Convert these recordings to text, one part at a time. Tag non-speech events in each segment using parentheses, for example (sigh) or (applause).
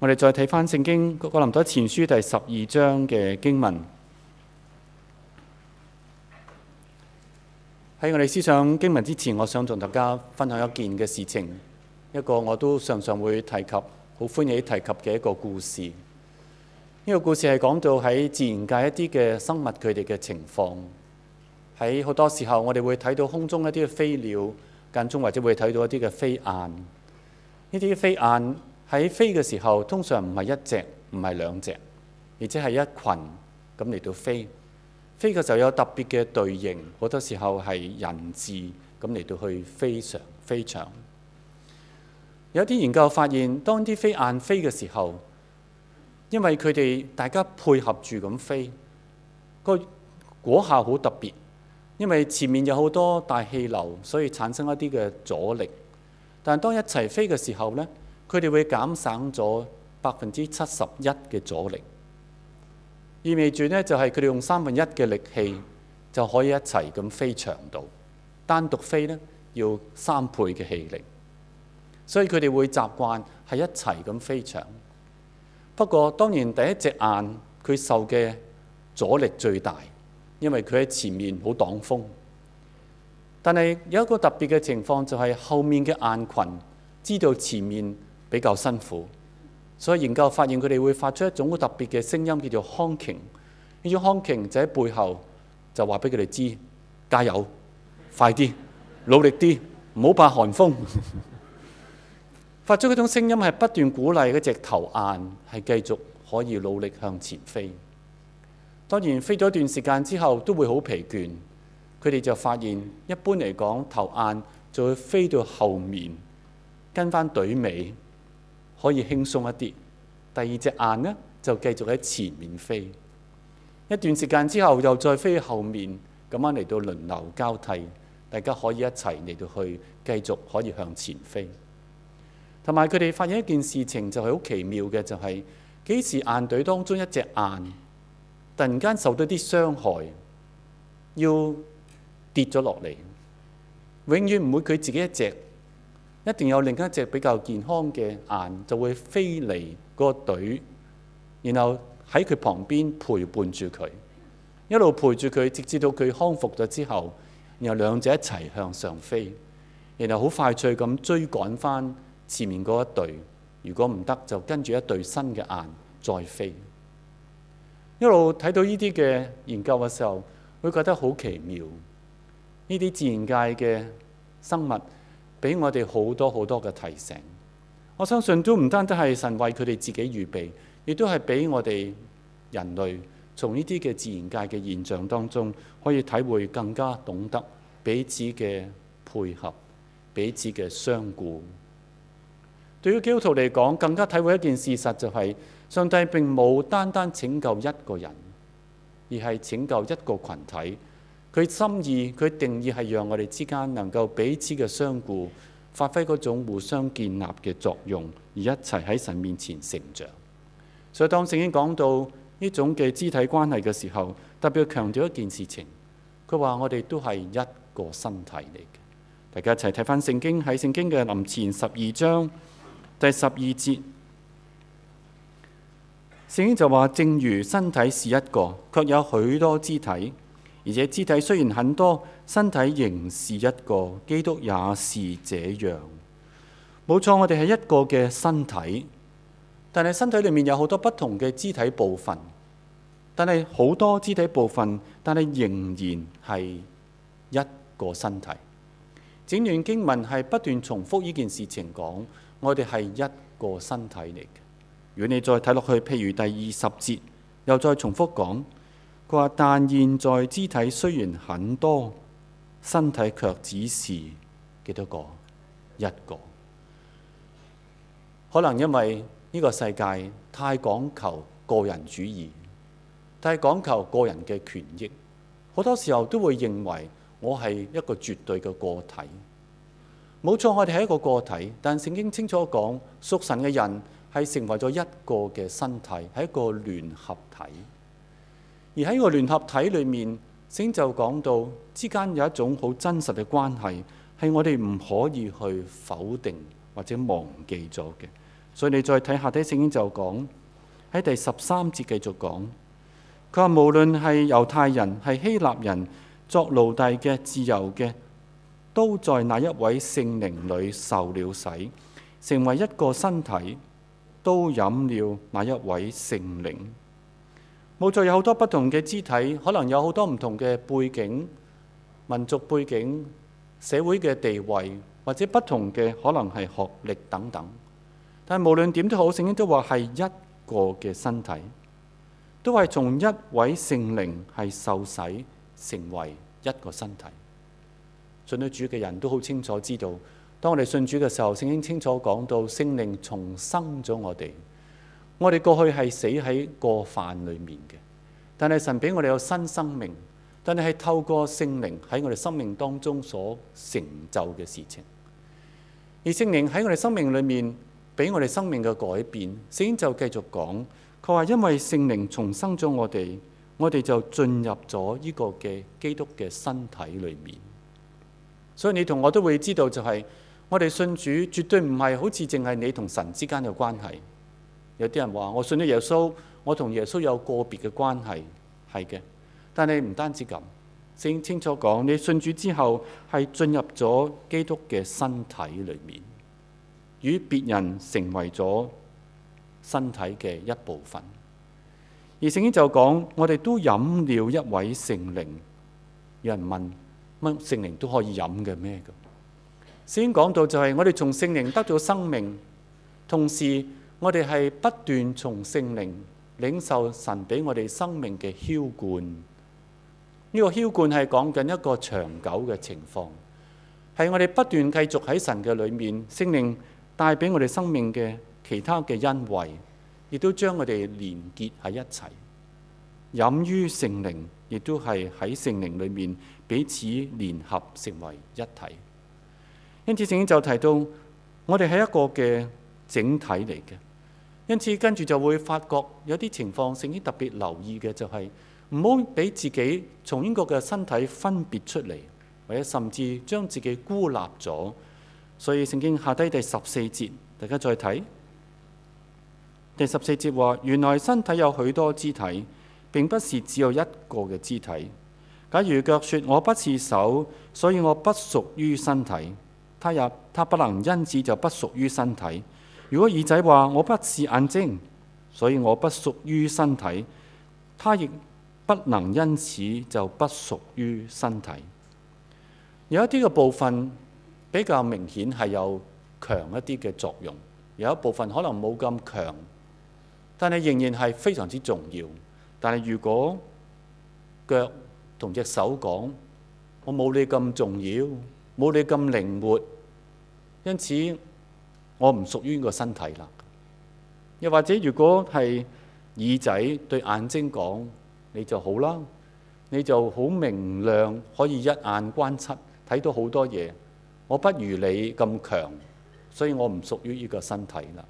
我哋再睇翻聖經《哥林多前書》第十二章嘅經文。喺我哋思想經文之前，我想同大家分享一件嘅事情，一個我都常常會提及、好歡喜提及嘅一個故事。呢個故事係講到喺自然界一啲嘅生物佢哋嘅情況。喺好多時候，我哋會睇到空中一啲嘅飛鳥，間中或者會睇到一啲嘅飛雁。呢啲飛雁。喺飛嘅時候，通常唔係一隻，唔係兩隻，而且係一群咁嚟到飛。飛嘅時候有特別嘅隊形，好多時候係人字咁嚟到去飛翔飛翔。有啲研究發現，當啲飛雁飛嘅時候，因為佢哋大家配合住咁飛，個果效好特別，因為前面有好多大氣流，所以產生一啲嘅阻力。但係當一齊飛嘅時候呢。佢哋會減省咗百分之七十一嘅阻力，意味住咧就係佢哋用三分一嘅力氣就可以一齊咁飛長度，單獨飛咧要三倍嘅氣力，所以佢哋會習慣係一齊咁飛長。不過當然第一隻雁佢受嘅阻力最大，因為佢喺前面冇擋風，但係有一個特別嘅情況就係、是、後面嘅雁群知道前面。比較辛苦，所以研究發現佢哋會發出一種好特別嘅聲音，叫做康 o，呢種康 o 就喺背後就話俾佢哋知，加油，快啲，努力啲，唔好怕寒風。 (laughs) 發出嗰種聲音係不斷鼓勵嗰隻頭雁係繼續可以努力向前飛。當然飛咗一段時間之後都會好疲倦，佢哋就發現一般嚟講頭雁就會飛到後面跟翻隊尾。可以輕鬆一啲。第二隻雁呢，就繼續喺前面飛一段時間之後，又再飛去後面。咁樣嚟到輪流交替，大家可以一齊嚟到去繼續可以向前飛。同埋佢哋發現一件事情就係好奇妙嘅，就係、是、幾時雁隊當中一隻雁突然間受到啲傷害，要跌咗落嚟，永遠唔會佢自己一隻。一定有另一隻比較健康嘅雁，就會飛嚟嗰隊，然後喺佢旁邊陪伴住佢，一路陪住佢，直至到佢康復咗之後，然後兩者一齊向上飛，然後好快脆咁追趕翻前面嗰一隊。如果唔得，就跟住一隊新嘅雁再飛。一路睇到呢啲嘅研究嘅時候，會覺得好奇妙。呢啲自然界嘅生物。俾我哋好多好多嘅提醒，我相信都唔單單係神為佢哋自己預備，亦都係俾我哋人類從呢啲嘅自然界嘅現象當中，可以體會更加懂得彼此嘅配合，彼此嘅相顧。對於基督徒嚟講，更加體會一件事實就係，上帝並冇單單拯救一個人，而係拯救一個群體。佢心意，佢定義係讓我哋之間能夠彼此嘅相顧，發揮嗰種互相建立嘅作用，而一齊喺神面前成長。所以當聖經講到呢種嘅肢體關係嘅時候，特別強調一件事情。佢話我哋都係一個身體嚟嘅，大家一齊睇返聖經，喺聖經嘅林前十二章第十二節，聖經就話：正如身體是一個，卻有許多肢體。而且肢體雖然很多，身體仍是一個。基督也是這樣，冇錯。我哋係一個嘅身體，但係身體裏面有好多不同嘅肢體部分，但係好多肢體部分，但係仍然係一個身體。整段經文係不斷重複呢件事情講，我哋係一個身體嚟嘅。如果你再睇落去，譬如第二十節，又再重複講。佢話：但現在肢體雖然很多，身體卻只是幾多個？一個。可能因為呢個世界太講求個人主義，太講求個人嘅權益，好多時候都會認為我係一個絕對嘅個體。冇錯，我哋係一個個體，但聖經清楚講，屬神嘅人係成為咗一個嘅身體，係一個聯合體。而喺個聯合體裏面，聖經就講到之間有一種好真實嘅關係，係我哋唔可以去否定或者忘記咗嘅。所以你再睇下底，聖經就講喺第十三節繼續講，佢話無論係猶太人、係希臘人、作奴隸嘅、自由嘅，都在那一位聖靈裏受了洗，成為一個身體，都飲了那一位聖靈。冇錯，有好多不同嘅肢體，可能有好多唔同嘅背景、民族背景、社會嘅地位，或者不同嘅可能係學歷等等。但係無論點都好，聖經都話係一個嘅身體，都係從一位聖靈係受洗成為一個身體，信咗主嘅人都好清楚知道，當我哋信主嘅時候，聖經清楚講到聖靈重生咗我哋。我哋過去係死喺過犯裏面嘅，但係神俾我哋有新生命，但係係透過聖靈喺我哋生命當中所成就嘅事情，而聖靈喺我哋生命裏面俾我哋生命嘅改變。聖經就繼續講，佢話因為聖靈重生咗我哋，我哋就進入咗呢個嘅基督嘅身體裏面。所以你同我都會知道，就是，就係我哋信主絕對唔係好似淨係你同神之間嘅關係。有啲人話：我信咗耶穌，我同耶穌有個別嘅關係，係嘅。但係唔單止咁，聖經清楚講，你信主之後係進入咗基督嘅身體裏面，與別人成為咗身體嘅一部分。而聖經就講，我哋都飲了一位聖靈。有人問：乜聖靈都可以飲嘅咩？噶？聖經講到就係、是、我哋從聖靈得咗生命，同時。我哋係不斷從聖靈領受神俾我哋生命嘅澆灌。呢、這個澆灌係講緊一個長久嘅情況，係我哋不斷繼續喺神嘅裏面，聖靈帶俾我哋生命嘅其他嘅恩惠，亦都將我哋連結喺一齊，飲於聖靈，亦都係喺聖靈裏面彼此聯合成為一體。因此聖經就提到，我哋係一個嘅整體嚟嘅。因此跟住就會發覺有啲情況，聖經特別留意嘅就係唔好俾自己從一個嘅身體分別出嚟，或者甚至將自己孤立咗。所以聖經下低第十四節，大家再睇。第十四節話：原來身體有許多肢體，並不是只有一個嘅肢體。假如腳說，我不是手，所以我不屬於身體，他也，他不能因此就不屬於身體。如果耳仔話我不是眼睛，所以我不屬於身體，它亦不能因此就不屬於身體。有一啲嘅部分比較明顯係有強一啲嘅作用，有一部分可能冇咁強，但係仍然係非常之重要。但係如果腳同隻手講，我冇你咁重要，冇你咁靈活，因此，我唔屬於呢個身體啦。又或者，如果係耳仔對眼睛講，你就好啦，你就好明亮，可以一眼觀測，睇到好多嘢。我不如你咁強，所以我唔屬於呢個身體啦。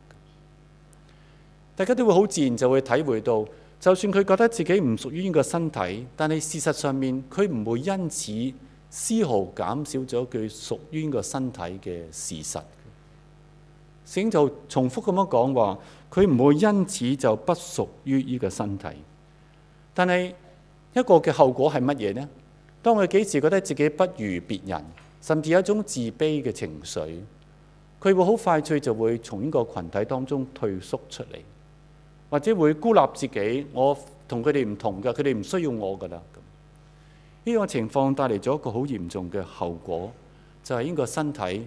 大家都會好自然就會體會到，就算佢覺得自己唔屬於呢個身體，但係事實上面，佢唔會因此絲毫減少咗佢屬於呢個身體嘅事實。醒就重複咁樣講話，佢唔會因此就不屬於呢個身體。但係一個嘅後果係乜嘢呢？當佢幾時覺得自己不如別人，甚至有一種自卑嘅情緒，佢會好快脆就會從呢個群體當中退縮出嚟，或者會孤立自己。我他們同佢哋唔同㗎，佢哋唔需要我㗎啦。呢、這個情況帶嚟咗一個好嚴重嘅後果，就係、是、呢個身體。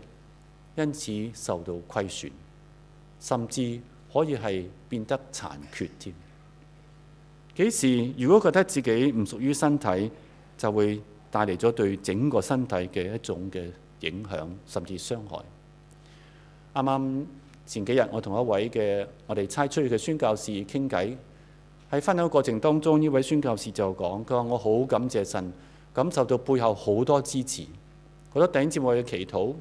因此受到虧損，甚至可以係變得殘缺添。幾時如果覺得自己唔屬於身體，就會帶嚟咗對整個身體嘅一種嘅影響，甚至傷害。啱啱前幾日我同一位嘅我哋差出去嘅宣教士傾偈，喺分享過程當中，呢位宣教士就講，佢話我好感謝神，感受到背後好多支持，覺得頂住我嘅祈禱。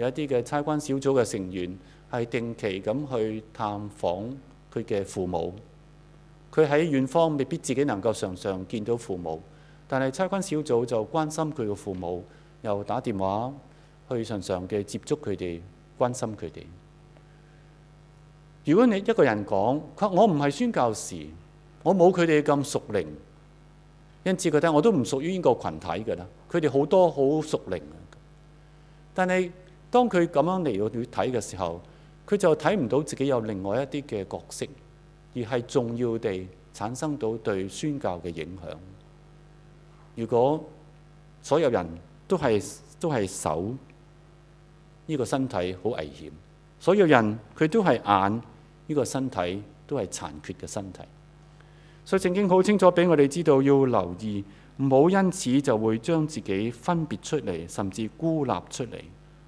有一啲嘅差傳小組嘅成員係定期咁去探訪佢嘅父母，佢喺遠方未必自己能夠常常見到父母，但係差傳小組就關心佢嘅父母，又打電話去常常嘅接觸佢哋，關心佢哋。如果你一個人講，我唔係宣教士，我冇佢哋咁熟靈，因此覺得我都唔屬於呢個群體㗎啦。佢哋好多好熟靈，但係，當佢咁樣嚟到去睇嘅時候，佢就睇唔到自己有另外一啲嘅角色，而係重要地產生到對宣教嘅影響。如果所有人都係都係手，呢個身體好危險，所有人佢都係眼，呢個身體都係殘缺嘅身體，所以正經好清楚俾我哋知道要留意，唔好因此就會將自己分別出嚟，甚至孤立出嚟。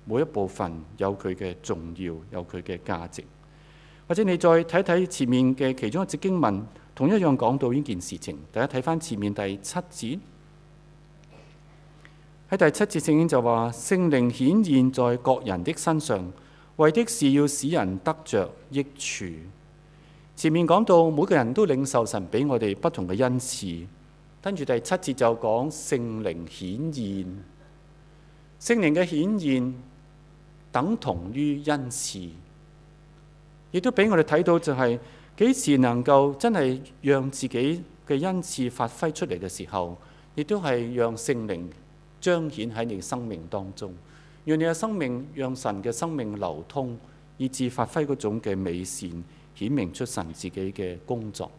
每一部分有佢嘅重要，有佢嘅價值。或者你再睇睇前面嘅其中一節經文，同一樣講到呢件事情。大家睇翻前面第七節，喺第七節聖經就話，聖靈顯現在各人的身上，為的是要使人得着益處。前面講到每個人都領受神俾我哋不同嘅恩賜，跟住第七節就講聖靈顯現，聖靈嘅顯現。等同於恩賜，亦都俾我哋睇到就係幾時能夠真係讓自己嘅恩賜發揮出嚟嘅時候，亦都係讓聖靈彰顯喺你生命當中，讓你嘅生命讓神嘅生命流通，以至發揮嗰種嘅美善，顯明出神自己嘅工作。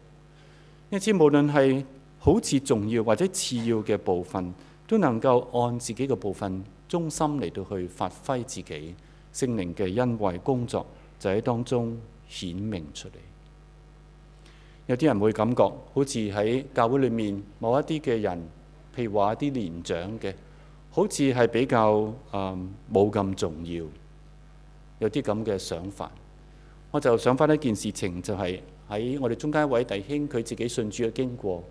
因此，無論係好似重要或者次要嘅部分，都能夠按自己嘅部分中心嚟到去發揮自己。聖靈嘅恩惠工作就喺當中顯明出嚟。有啲人會感覺好似喺教會裏面某一啲嘅人，譬如話一啲年長嘅，好似係比較啊冇咁重要。有啲咁嘅想法，我就想翻一件事情，就係喺我哋中間一位弟兄，佢自己信主嘅經過。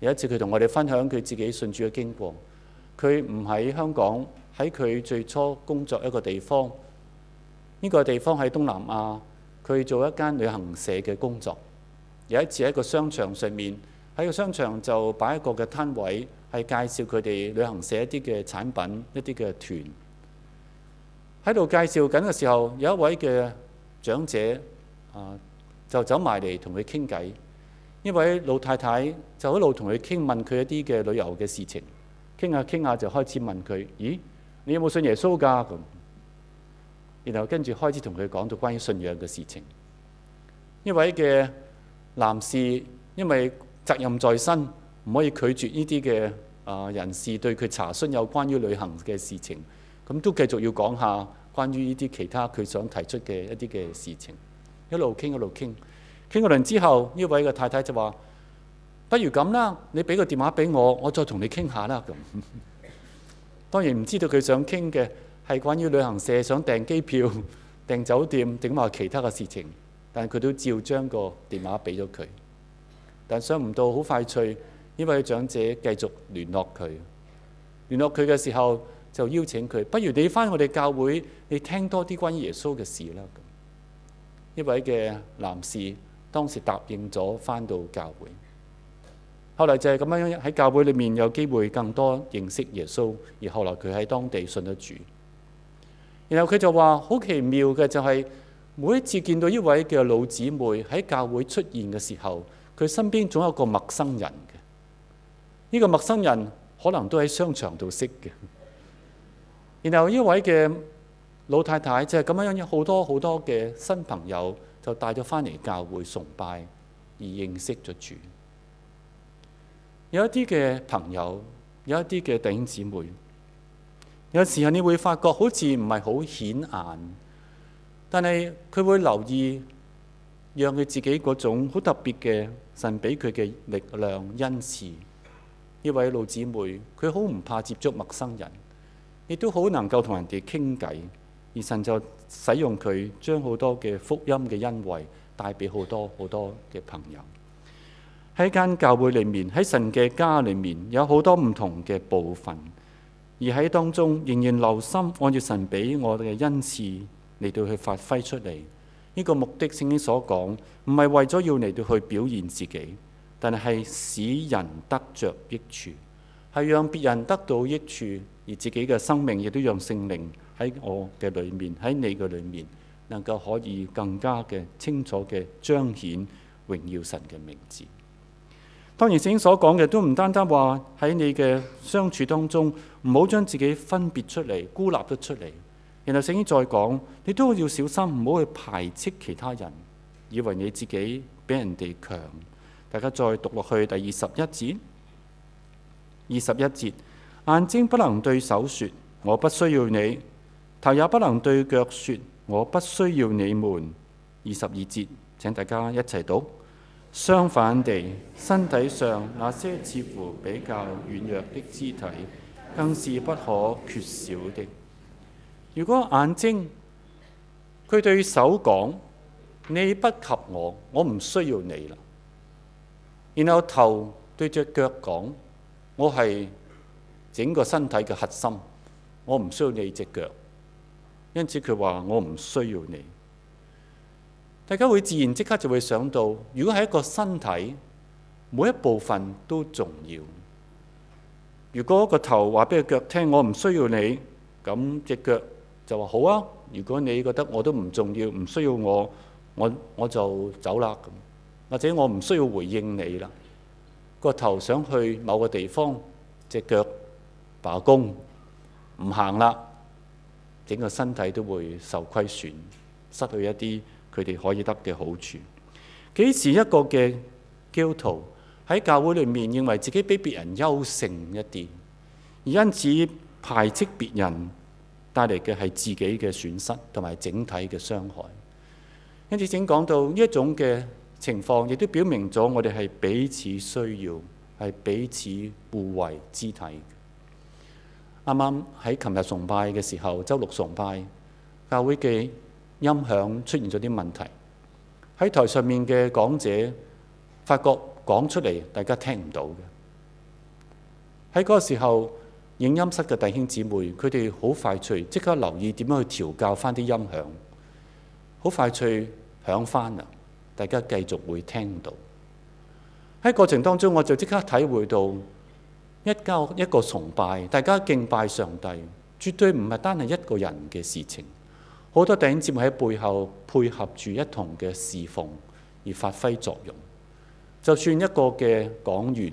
有一次佢同我哋分享佢自己信主嘅經過，佢唔喺香港，喺佢最初工作一個地方。呢個地方喺東南亞，佢做一間旅行社嘅工作。有一次喺個商場上面，喺個商場就擺一個嘅攤位，係介紹佢哋旅行社一啲嘅產品、一啲嘅團。喺度介紹緊嘅時候，有一位嘅長者啊，就走埋嚟同佢傾偈。呢位老太太就一路同佢傾問佢一啲嘅旅遊嘅事情，傾下傾下就開始問佢：「咦，你有冇信耶穌㗎？」咁。然後跟住開始同佢講到關於信仰嘅事情。呢位嘅男士因為責任在身，唔可以拒絕呢啲嘅啊人士對佢查詢有關於旅行嘅事情，咁都繼續要講下關於呢啲其他佢想提出嘅一啲嘅事情。一路傾一路傾，傾個輪之後，呢位嘅太太就話：不如咁啦，你俾個電話俾我，我再同你傾下啦。咁當然唔知道佢想傾嘅。係關於旅行社想訂機票、訂酒店，定或其他嘅事情，但係佢都照將個電話俾咗佢。但想唔到好快脆，呢位長者繼續聯絡佢。聯絡佢嘅時候就邀請佢：不如你翻我哋教會，你聽多啲關於耶穌嘅事啦。咁呢位嘅男士當時答應咗翻到教會。後嚟就係咁樣喺教會裡面有機會更多認識耶穌，而後來佢喺當地信得主。然後佢就話，好奇妙嘅，就係每一次見到呢位嘅老姊妹喺教會出現嘅時候，佢身邊總有個陌生人嘅。呢個陌生人可能都喺商場度識嘅。然後呢位嘅老太太即係咁樣樣，好多好多嘅新朋友就帶咗翻嚟教會崇拜而認識咗主。有一啲嘅朋友，有一啲嘅弟兄姊妹。有時候你會發覺好似唔係好顯眼，但係佢會留意，讓佢自己嗰種好特別嘅神俾佢嘅力量恩賜。呢位老姊妹佢好唔怕接觸陌生人，亦都好能夠同人哋傾偈，而神就使用佢將好多嘅福音嘅恩惠帶俾好多好多嘅朋友。喺間教會裡面，喺神嘅家裡面，有好多唔同嘅部分。而喺當中仍然留心按住神俾我哋嘅恩賜嚟到去發揮出嚟呢個目的，聖經所講唔係為咗要嚟到去表現自己，但係係使人得着益處，係讓別人得到益處，而自己嘅生命亦都讓聖靈喺我嘅裏面，喺你嘅裏面，能夠可以更加嘅清楚嘅彰顯榮耀神嘅名字。當然，聖經所講嘅都唔單單話喺你嘅相處當中。唔好將自己分別出嚟，孤立咗出嚟。然後聖經再講，你都要小心，唔好去排斥其他人，以為你自己比人哋強。大家再讀落去第二十一節，二十一節，眼睛不能對手說我不需要你，頭也不能對腳說我不需要你們。二十二節，請大家一齊讀。相反地，身體上那些似乎比較軟弱的肢體。更是不可缺少的。如果眼睛佢對手講：你不及我，我唔需要你啦。然後頭對着腳講：我係整個身體嘅核心，我唔需要你隻腳。因此佢話：我唔需要你。大家會自然即刻就會想到，如果係一個身體，每一部分都重要。如果個頭話俾個腳聽，我唔需要你，咁隻腳就話好啊。如果你覺得我都唔重要，唔需要我，我我就走啦。或者我唔需要回應你啦。個頭想去某個地方，隻腳罷工，唔行啦，整個身體都會受虧損，失去一啲佢哋可以得嘅好處。幾時一個嘅基督徒喺教會裏面，認為自己比別人優勝一啲，而因此排斥別人，帶嚟嘅係自己嘅損失同埋整體嘅傷害。因此講，正講到呢一種嘅情況，亦都表明咗我哋係彼此需要，係彼此互為肢體。啱啱喺琴日崇拜嘅時候，周六崇拜教會嘅音響出現咗啲問題，喺台上面嘅講者發覺。講出嚟，大家聽唔到嘅。喺嗰個時候，影音室嘅弟兄姊妹，佢哋好快脆，即刻留意點樣去調教翻啲音響，好快脆響翻啊！大家繼續會聽到。喺過程當中，我就即刻體會到一教一個崇拜，大家敬拜上帝，絕對唔係單係一個人嘅事情。好多弟兄姊妹喺背後配合住一同嘅侍奉而發揮作用。就算一個嘅講員，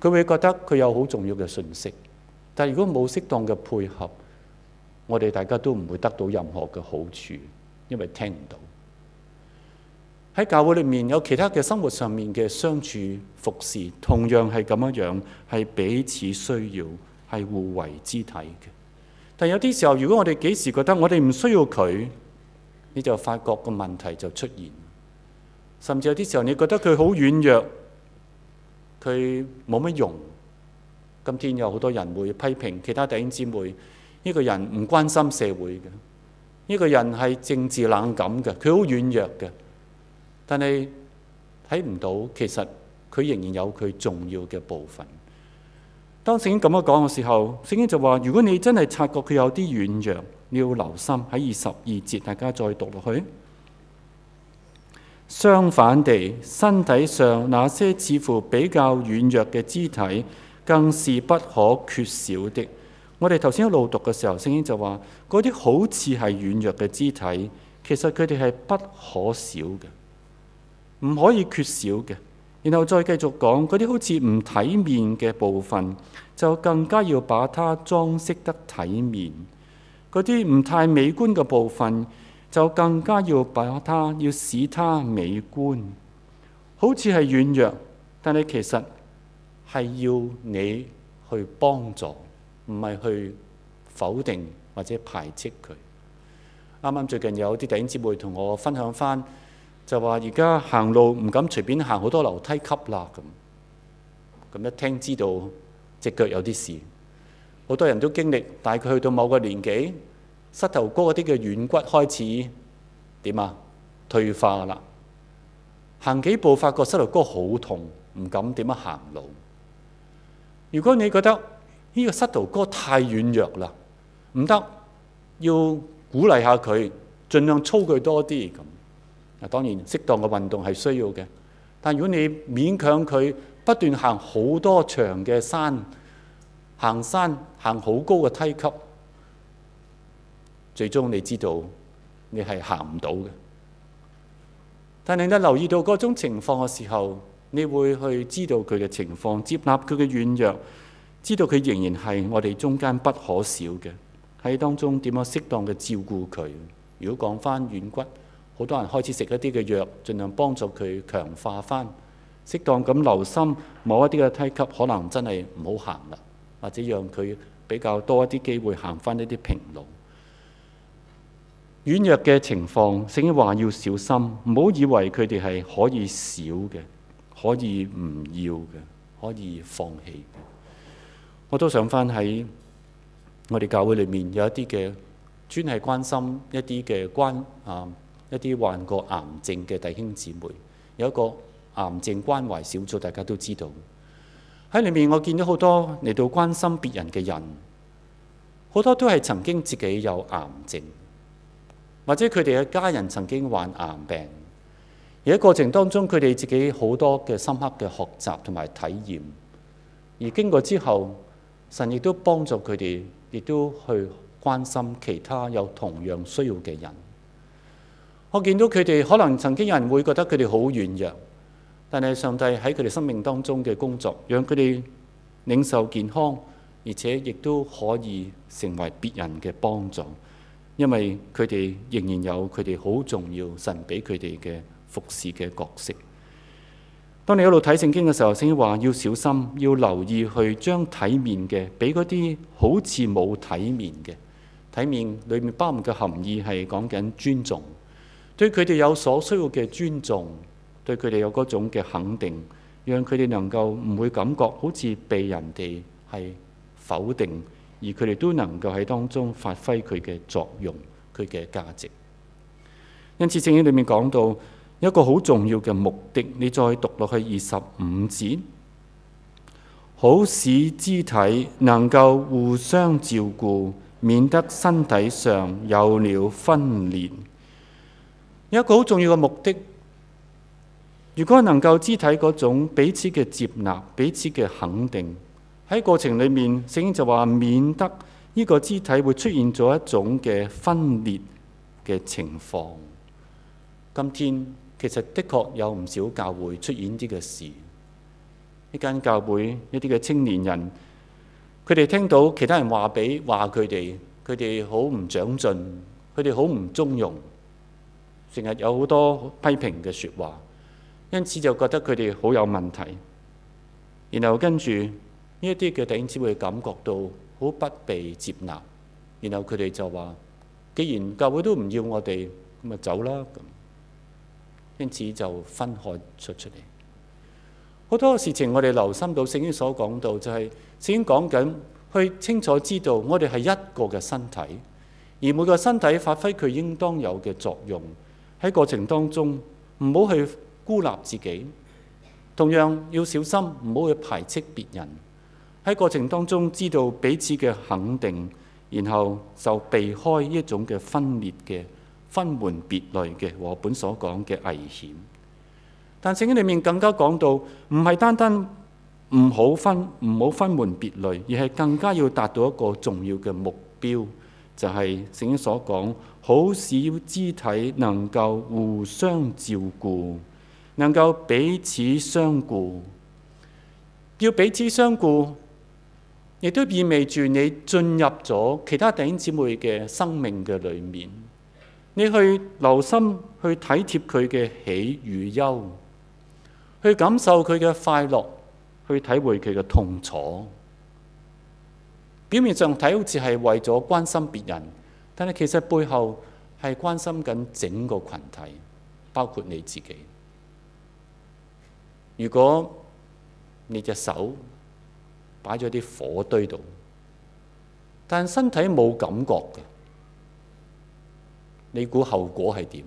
佢會覺得佢有好重要嘅信息，但如果冇適當嘅配合，我哋大家都唔會得到任何嘅好處，因為聽唔到。喺教會裏面有其他嘅生活上面嘅相處、服侍，同樣係咁樣樣，係彼此需要，係互為肢體嘅。但有啲時候，如果我哋幾時覺得我哋唔需要佢，你就發覺個問題就出現。甚至有啲時候，你覺得佢好軟弱，佢冇乜用。今天有好多人會批評其他弟兄姊妹，呢個人唔關心社會嘅，呢個人係政治冷感嘅，佢好軟弱嘅。但係睇唔到，其實佢仍然有佢重要嘅部分。當聖經咁樣講嘅時候，聖經就話：如果你真係察覺佢有啲軟弱，你要留心。喺二十二節，大家再讀落去。相反地，身體上那些似乎比較軟弱嘅肢體，更是不可缺少的。我哋頭先喺路讀嘅時候，聖經就話嗰啲好似係軟弱嘅肢體，其實佢哋係不可少嘅，唔可以缺少嘅。然後再繼續講嗰啲好似唔體面嘅部分，就更加要把它裝飾得體面。嗰啲唔太美觀嘅部分。就更加要把握他要使他美觀，好似係軟弱，但係其實，係要你去幫助，唔係去否定或者排斥佢。啱啱最近有啲弟兄姊妹同我分享翻，就話而家行路唔敢隨便行好多樓梯級啦咁。咁一聽知道隻腳有啲事，好多人都經歷，但係佢去到某個年紀。膝頭哥嗰啲嘅軟骨開始點啊？退化啦！行幾步發覺膝頭哥好痛，唔敢點樣行路。如果你覺得呢個膝頭哥太軟弱啦，唔得，要鼓勵下佢，盡量操佢多啲咁。啊，當然適當嘅運動係需要嘅，但如果你勉強佢，不斷行好多長嘅山，行山行好高嘅梯級。最終你知道你係行唔到嘅，但你呢留意到嗰種情況嘅時候，你會去知道佢嘅情況，接納佢嘅軟弱，知道佢仍然係我哋中間不可少嘅。喺當中點樣適當嘅照顧佢？如果講翻軟骨，好多人開始食一啲嘅藥，盡量幫助佢強化翻，適當咁留心某一啲嘅梯級，可能真係唔好行啦，或者讓佢比較多一啲機會行翻一啲平路。軟弱嘅情況，甚至話要小心，唔好以為佢哋係可以少嘅，可以唔要嘅，可以放棄嘅。我都想返喺我哋教會裏面有一啲嘅專係關心一啲嘅關啊一啲患過癌症嘅弟兄姊妹，有一個癌症關懷小組，大家都知道喺裏面我見到好多嚟到關心別人嘅人，好多都係曾經自己有癌症。或者佢哋嘅家人曾經患癌病，而喺過程當中，佢哋自己好多嘅深刻嘅學習同埋體驗，而經過之後，神亦都幫助佢哋，亦都去關心其他有同樣需要嘅人。我見到佢哋，可能曾經有人會覺得佢哋好軟弱，但係上帝喺佢哋生命當中嘅工作，讓佢哋領受健康，而且亦都可以成為別人嘅幫助。因為佢哋仍然有佢哋好重要、神俾佢哋嘅服侍嘅角色。當你一路睇聖經嘅時候，聖經話要小心，要留意去將體面嘅俾嗰啲好似冇體面嘅。體面裏面包含嘅含義係講緊尊重，對佢哋有所需要嘅尊重，對佢哋有嗰種嘅肯定，讓佢哋能夠唔會感覺好似被人哋係否定。而佢哋都能夠喺當中發揮佢嘅作用，佢嘅價值。因此，聖經裏面講到一個好重要嘅目的，你再讀落去二十五節，好使肢體能夠互相照顧，免得身體上有了分裂。有一個好重要嘅目的，如果能夠肢體嗰種彼此嘅接納、彼此嘅肯定。喺過程裏面，聖經就話免得呢個肢體會出現咗一種嘅分裂嘅情況。今天其實的確有唔少教會出現啲嘅事，一間教會一啲嘅青年人，佢哋聽到其他人話俾話佢哋，佢哋好唔長進，佢哋好唔中用，成日有好多批評嘅説話，因此就覺得佢哋好有問題。然後跟住。呢一啲嘅弟兄只會感覺到好不被接納，然後佢哋就話：既然教會都唔要我哋，咁咪走啦。咁因此就分開出出嚟。好多事情我哋留心到聖經所講到，就係，就係聖經講緊去清楚知道我哋係一個嘅身體，而每個身體發揮佢應當有嘅作用。喺過程當中，唔好去孤立自己，同樣要小心唔好去排斥別人。喺過程當中，知道彼此嘅肯定，然後就避開一種嘅分裂嘅分門別類嘅，和本所講嘅危險。但聖經裏面更加講到，唔係單單唔好分、唔好分門別類，而係更加要達到一個重要嘅目標，就係、是、聖經所講，好使肢體能夠互相照顧，能夠彼此相顧。要彼此相顧。亦都意味住你進入咗其他弟兄姊妹嘅生命嘅裏面，你去留心，去體貼佢嘅喜與憂，去感受佢嘅快樂，去體會佢嘅痛楚。表面上睇好似係為咗關心別人，但係其實背後係關心緊整個群體，包括你自己。如果你隻手，擺咗啲火堆度，但身體冇感覺嘅，你估後果係點？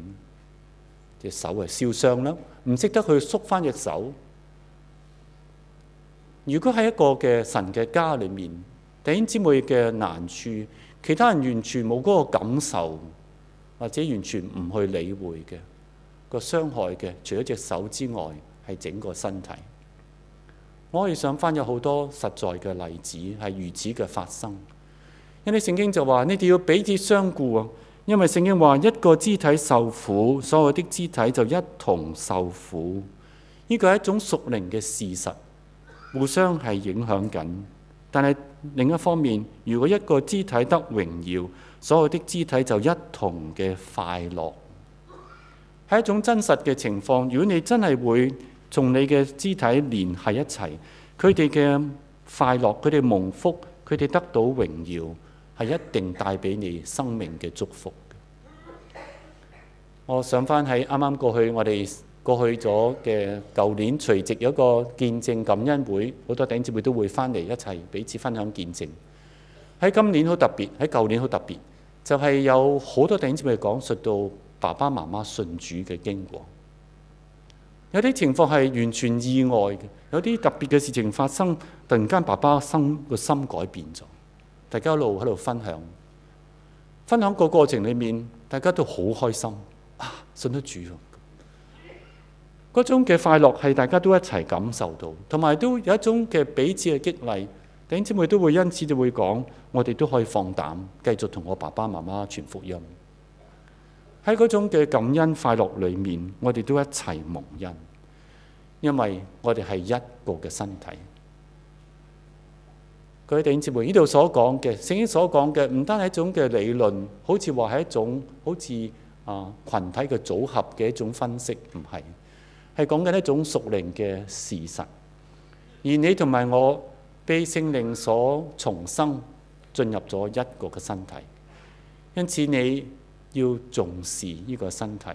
隻手係燒傷啦，唔識得去縮翻隻手。如果喺一個嘅神嘅家裏面，弟兄姊妹嘅難處，其他人完全冇嗰個感受，或者完全唔去理會嘅，個傷害嘅，除咗隻手之外，係整個身體。我可以想翻有好多實在嘅例子係如此嘅發生，因為聖經就話你哋要彼此相顧啊，因為聖經話一個肢體受苦，所有的肢體就一同受苦，呢個係一種屬靈嘅事實，互相係影響緊。但係另一方面，如果一個肢體得榮耀，所有的肢體就一同嘅快樂，係一種真實嘅情況。如果你真係會，從你嘅肢體連係一齊，佢哋嘅快樂，佢哋蒙福，佢哋得到榮耀，係一定帶俾你生命嘅祝福的。我想翻喺啱啱過去，我哋過去咗嘅舊年，隨即有一個見證感恩會，好多頂姊妹都會翻嚟一齊彼此分享見證。喺今年好特別，喺舊年好特別，就係、是、有好多頂姊妹講述到爸爸媽媽信主嘅經過。有啲情況係完全意外嘅，有啲特別嘅事情發生，突然間爸爸心個心改變咗。大家一路喺度分享，分享個過程裡面，大家都好開心啊！信得主，嗰種嘅快樂係大家都一齊感受到，同埋都有一種嘅彼此嘅激勵。弟兄姊妹都會因此就會講，我哋都可以放膽繼續同我爸爸媽媽傳福音。喺嗰種嘅感恩快樂裏面，我哋都一齊蒙恩，因為我哋係一個嘅身體。佢弟兄姊妹，呢度所講嘅聖經所講嘅，唔單係一種嘅理論，好似話係一種好似啊羣體嘅組合嘅一種分析，唔係，係講緊一種屬靈嘅事實。而你同埋我被聖靈所重生，進入咗一個嘅身體，因此你要重視呢個身體，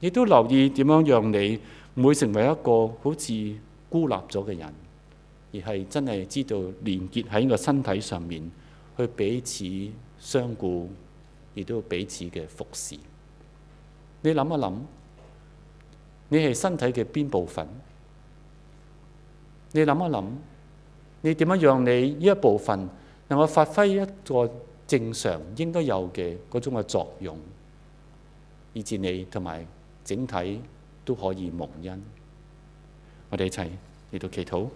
亦都留意點樣讓你唔會成為一個好似孤立咗嘅人，而係真係知道連結喺呢個身體上面，去彼此相顧，亦都彼此嘅服侍。你諗一諗，你係身體嘅邊部分？你諗一諗，你點樣讓你呢一部分能夠發揮一個正常應該有嘅嗰種嘅作用？以致你同埋整體都可以蒙恩，我哋一齊嚟到祈禱。